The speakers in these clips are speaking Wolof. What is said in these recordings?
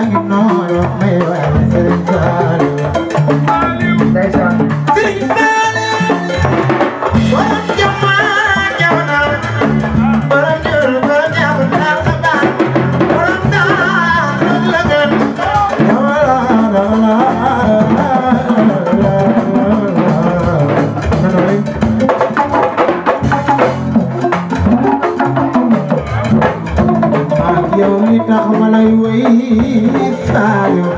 yaa ngi noonu yow mi tax ma lay wéy saa yow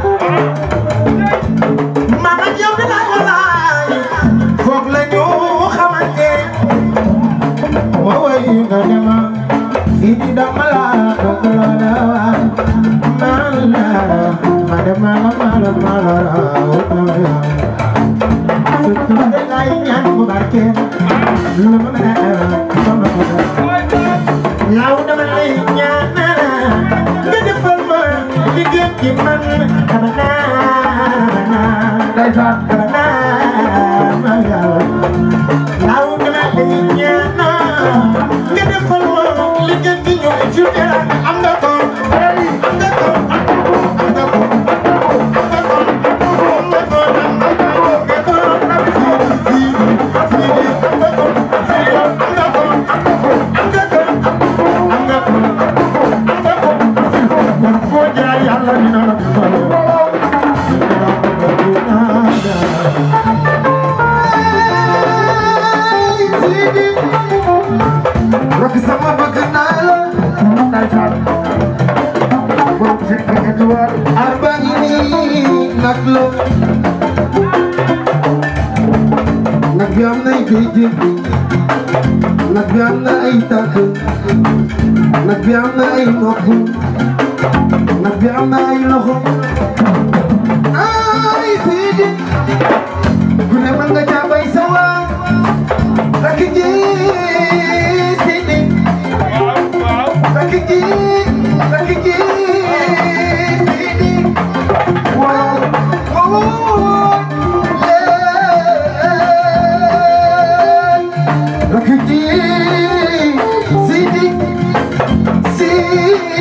man ak yow mi lay walaay foog la ñu xamante wa way nga dema si di dama la dog loola man la ma dema la ma la ma la la surtout da ngay ñaan bu barke lu ma ยิ้มมั่งธรรมนาได้ฟังธรรมนาเรากระดิ่งยานาก็ได้ฟังว่าลิขิตที่อยู่ในชุดเดียวกันอันดับ أكبر أربعين نقلو نقيامنا يبيجي نقيامنا أي تاكو نقيامنا أي نقو نقيامنا أي نقو You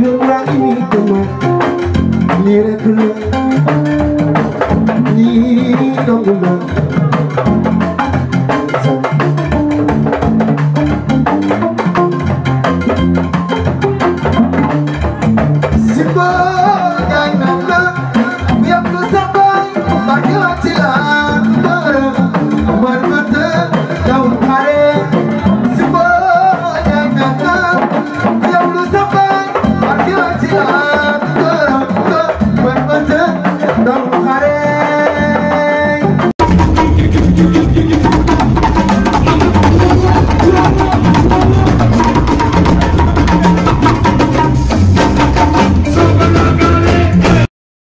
don't like me too